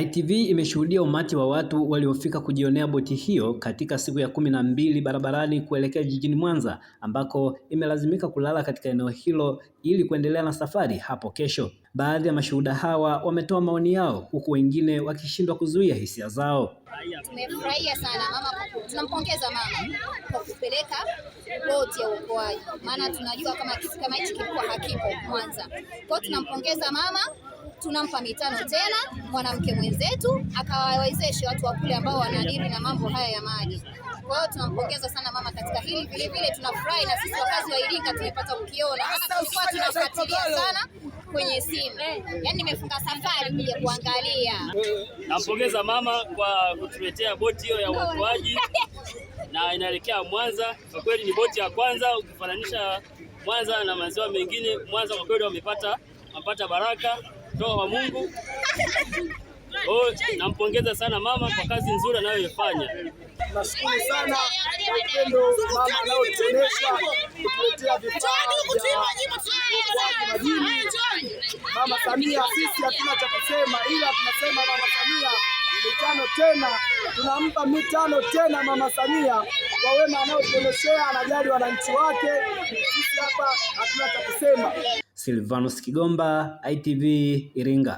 ITV imeshuhudia umati wa watu waliofika kujionea boti hiyo katika siku ya kumi na mbili barabarani kuelekea jijini Mwanza ambako imelazimika kulala katika eneo hilo ili kuendelea na safari hapo kesho. Baadhi ya mashuhuda hawa wametoa maoni yao huku wengine wakishindwa kuzuia hisia zao. Tumefurahia sana mama, tunampongeza mama kwa kupeleka boti ya uokoaji, maana tunajua kama kitu kama hichi kilikuwa hakipo Mwanza. Kwa hiyo tunampongeza mama tunampa mitano tena mwanamke mwenzetu akawawezeshe watu wa kule ambao wanadili na mambo haya ya maji. Kwa hiyo tunampongeza sana mama katika hili. Vile vile tunafurahi na sisi wakazi wa Iringa tumepata ukiona, tulikuwa tunafuatilia sana kwenye simu, yani nimefunga safari kuja kuangalia. Nampongeza mama kwa kutuletea boti hiyo ya uokoaji na inaelekea Mwanza. Kwa kweli ni boti ya kwanza ukifananisha Mwanza na maziwa mengine. Mwanza kwa kweli wamepata wamepata baraka mtoto wa Mungu. Oh, nampongeza sana mama kwa kazi nzuri anayoifanya. Nashukuru sana kwa upendo mama anaotuonesha kupitia vifaa majini. Mama Samia, sisi hatuna cha kusema, ila tunasema mama Samia mitano tena, tunampa mitano tena mama Samia kwa wema anaotuoneshea, anajali wananchi wake. Sisi hapa hatuna cha kusema. Silvanus Kigomba, ITV Iringa.